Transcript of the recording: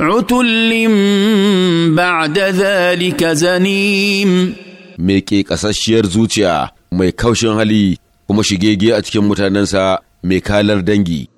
عتل بعد ذلك زنيم ميكي zuciya mai kaushin hali kuma shigege a cikin mutanensa mai kalar dangi